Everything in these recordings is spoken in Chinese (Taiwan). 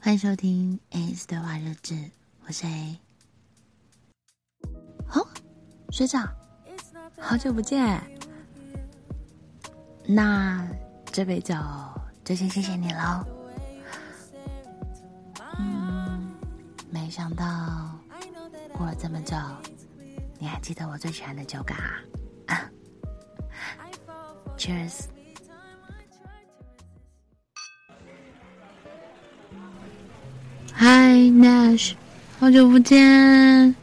歡迎收聽《Ace 對話日誌》，我是 A。哦，學長，好久不見！那這杯酒就先、是、謝謝你嘍。嗯，沒想到過了這麼久，你還記得我最喜歡的酒感啊，啊？Cheers。Hey Nash，好久不見！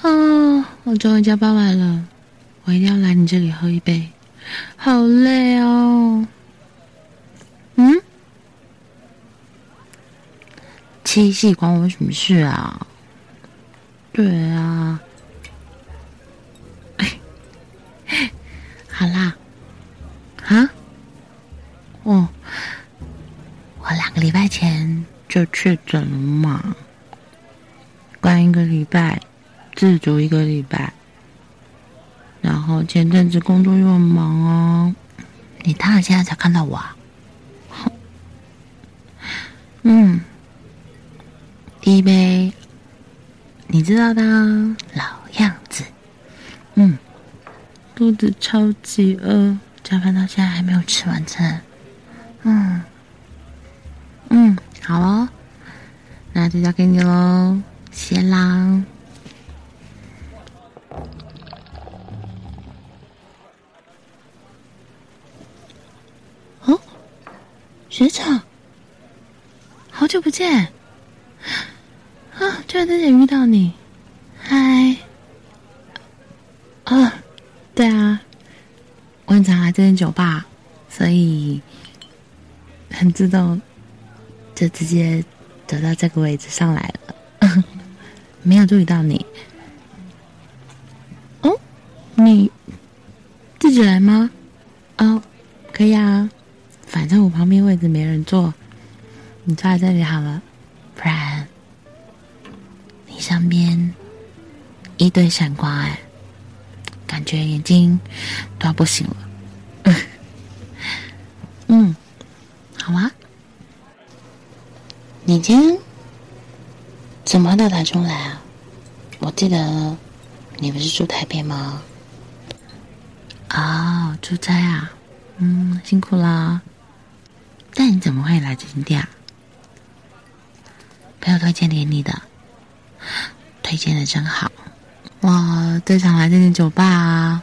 哦，我終於加班完了，我一定要來你這裡喝一杯。好累哦。嗯？七夕關我什麼事啊？對啊。哎，好啦，啊？哦，我兩個禮拜前。就確診了嘛，關一個禮拜，自主一個禮拜，然後前陣子工作又很忙啊。你他現在才看到我啊？哼，嗯，第一杯，你知道的，哦，老樣子。嗯，肚子超級餓，加班到現在還沒有吃晚餐。嗯，嗯。好哦，那就交給你嘍，謝啦。哦，學長，好久不見！啊，就在這裡遇到你，嗨。啊，對啊，我很常來這邊酒吧，所以很激動。就直接走到這個位置上來了， 沒有注意到你。哦，你自己來嗎？哦，可以啊，反正我旁邊位置沒人坐，你坐在這裡好了，不然你上邊一堆閃光，哎，感覺眼睛都要不行了。你今天怎麼到台中來啊？我記得你不是住台北嗎？哦，出差啊。嗯，辛苦啦。那你怎麼會來這間店？朋友推薦給你的，推薦的真好。我最常來這間酒吧，啊，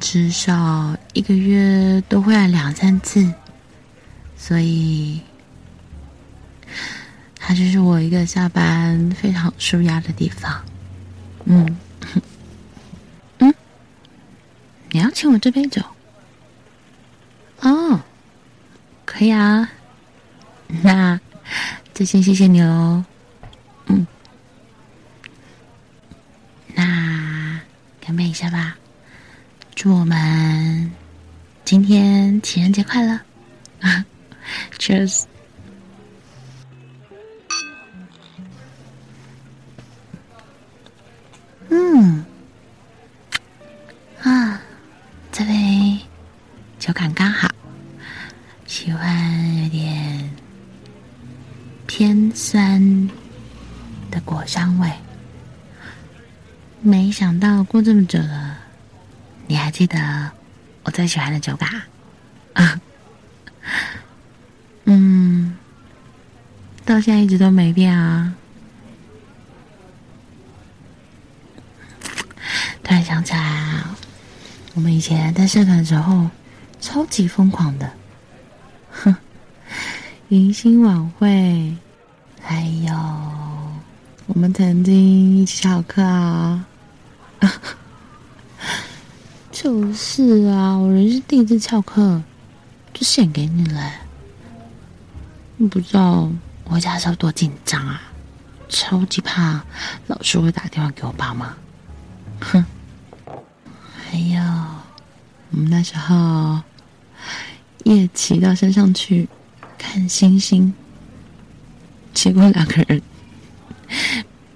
至少一個月都會來兩三次，所以。還就是我一個下班非常舒壓的地方，嗯，嗯，你要請我這杯酒？哦，可以啊，那，最先謝謝你嘍，哦，嗯，那乾杯一下吧，祝我們今天情人節快樂 ，Cheers。嗯，啊，這杯酒感剛好，喜歡有點偏酸的果香味。沒想到過這麼久了，你還記得我最喜歡的酒感啊？嗯，到現在一直都沒變啊。突然想起來啊，我們以前在社團的時候，超級瘋狂的，哼，迎新晚會，還有我們曾經一起翹課啊， 就是啊，我人生第一次翹課，就獻給你了。 你不知道我回家的時候多緊張啊，超級怕老師會打電話給我爸媽，哼。我們那時候夜騎到山上去看星星，結果兩個人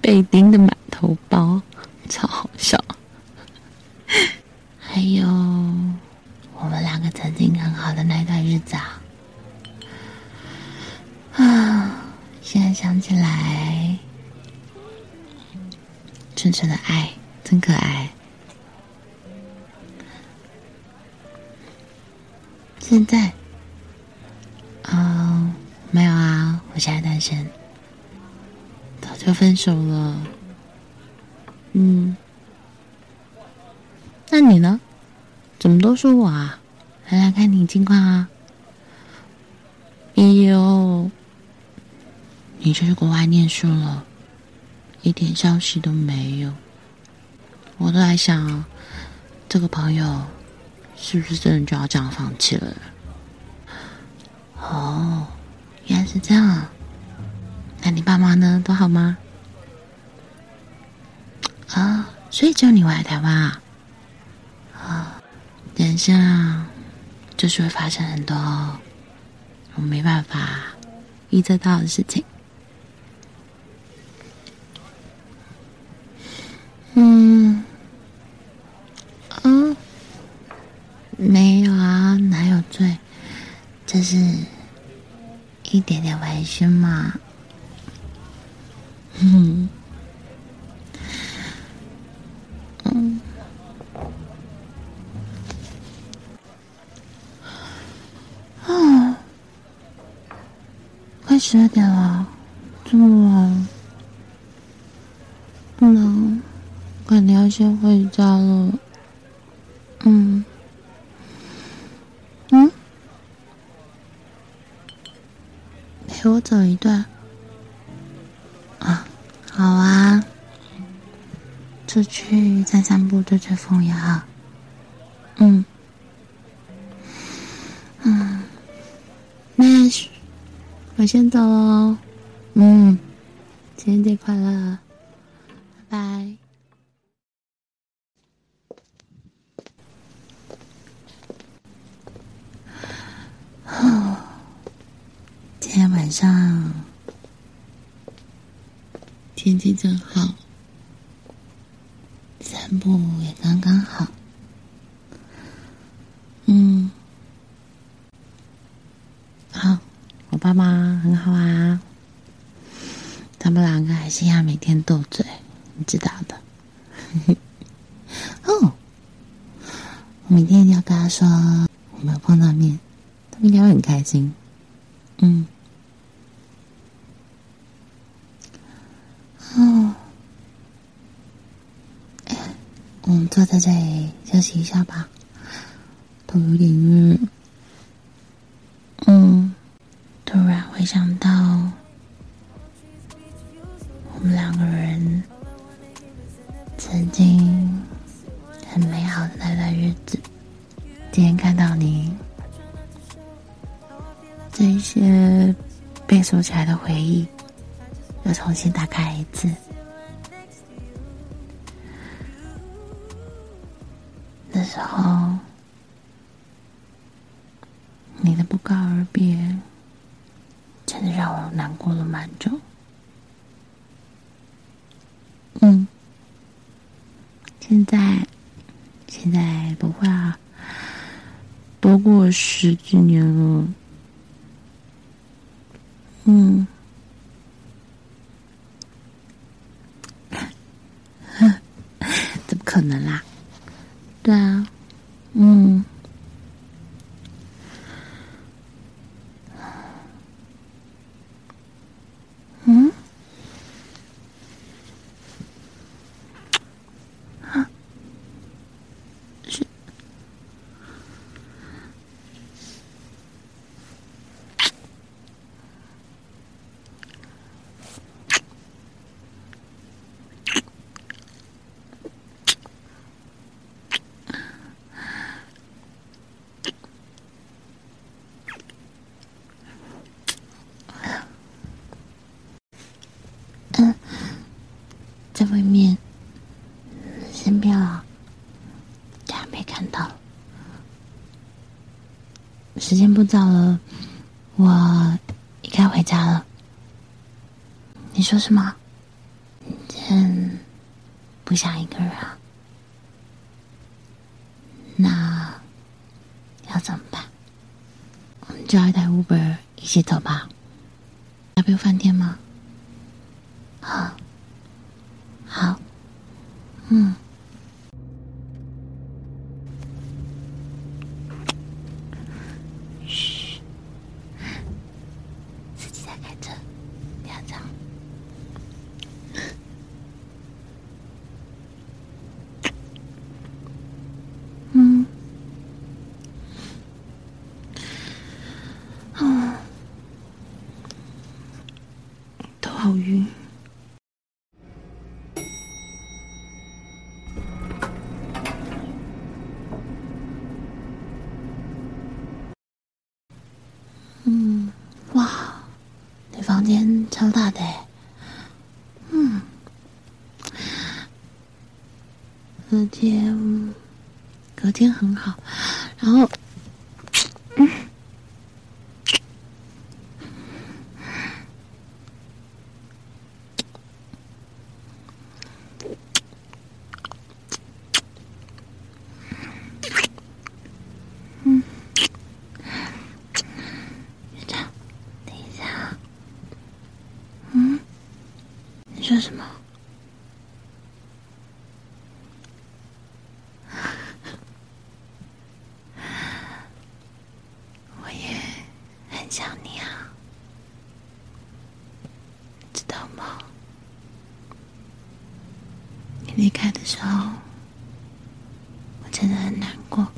被叮的滿頭包，超好笑。還有我們兩個曾經很好的那段日子啊，啊，現在想起來，純純的愛真可愛。現在，嗯、哦、沒有啊，我現在單身，早就分手了。嗯，那你呢？怎麼都說我啊？還來看你近況啊？哎呦，你就去國外念書了，一點消息都沒有。我都在想，這個朋友。是不是真的就要這樣放棄了？哦、oh,，原來是這樣。那你爸媽呢？都好嗎？啊、oh,，所以叫你回來台灣啊？啊、oh,，等一下，就是會發生很多我沒辦法預測到的事情。嗯、mm.。這是一點點玩心嘛， 嗯，嗯、啊，快十二點了，這麼晚，不、嗯、能，肯定要先回家了，嗯。走一段，啊，好啊，出去散散步，吹吹風也好，嗯，嗯，那我先走咯，嗯，情人節快樂，拜拜。晚上天氣真好，散步也剛剛好。嗯，好，哦，我爸媽很好啊，他們兩個還是要每天鬥嘴，你知道的。呵呵哦，我明天一定要跟他說，我們碰到面，他們應該會很開心。嗯。我們坐在這裡休息一下吧，頭有點暈。嗯，突然回想到我們兩個人曾經很美好的那段日子。今天看到你，這一些被鎖起來的回憶，又重新打開一次。時候，你的不告而別真的讓我難過了蠻久。嗯，現在現在不會啊，都過十幾年了。嗯， 怎麼可能啦、啊？對啊，嗯。時間不早了，我應該回家了。你說什麼？嗯，不想一個人啊。那要怎麼辦？我們叫一台 Uber 一起走吧。W 飯店嗎？好、哦。好。嗯。好暈。嗯，哇，這房間超大的，嗯，隔天，隔天很好，然後。什麼？我也很想你啊，知道嗎？你離開的時候，我真的很難過。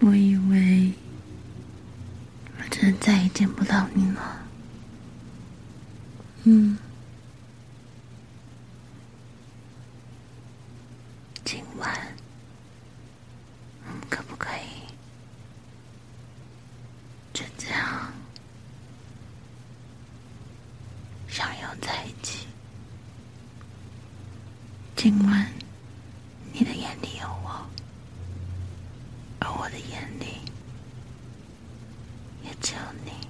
我以為我真的再也見不到你了。嗯，今晚，可不可以就這樣相擁在一起？今晚，你的眼裡有我，而我的眼裡也只有你。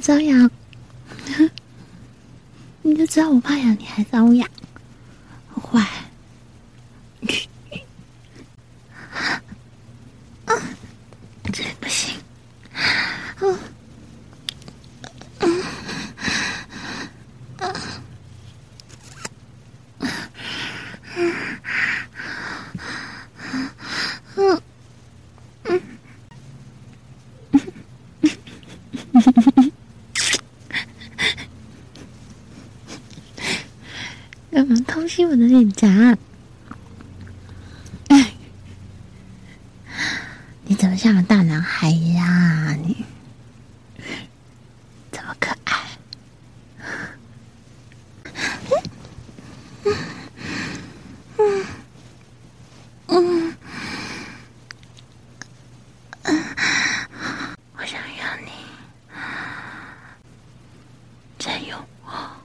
招呀， 你就知道我怕癢，你還招呀。親我的臉頰，哎，你怎麼像個大男孩一樣？你這麼可愛，嗯，嗯嗯嗯，我想要你，佔有我。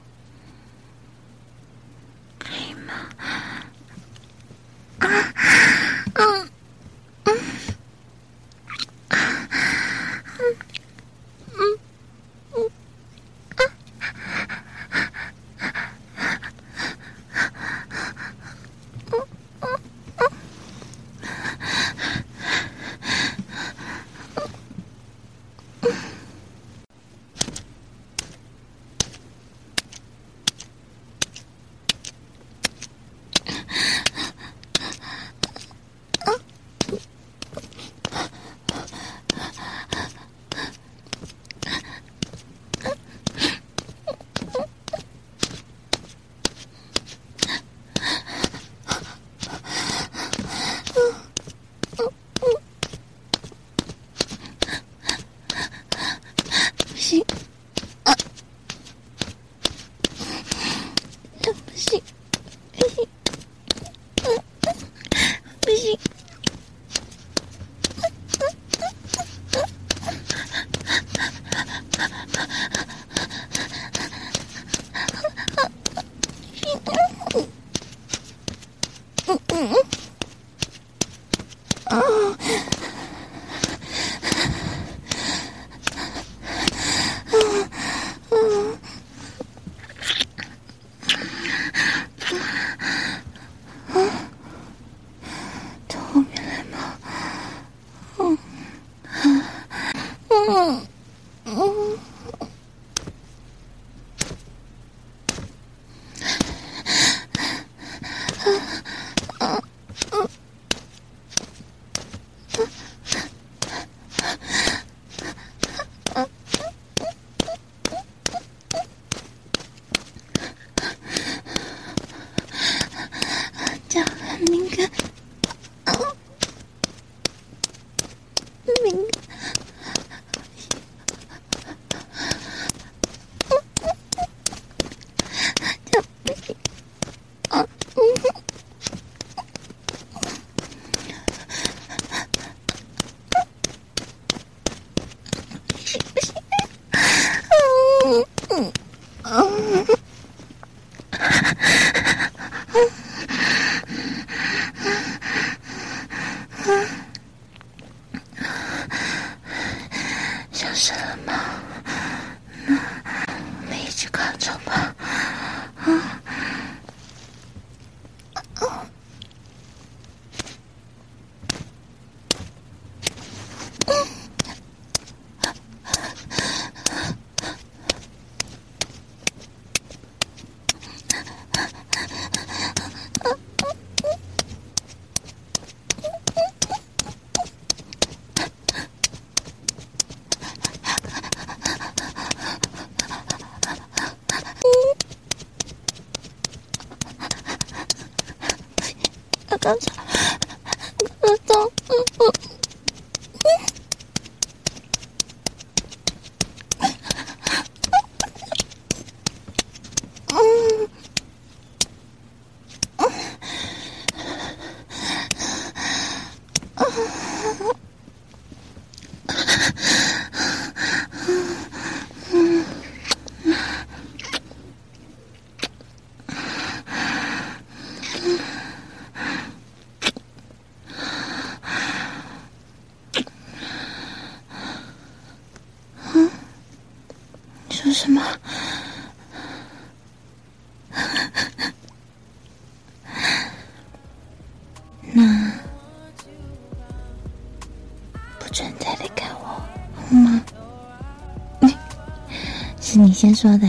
你先說的。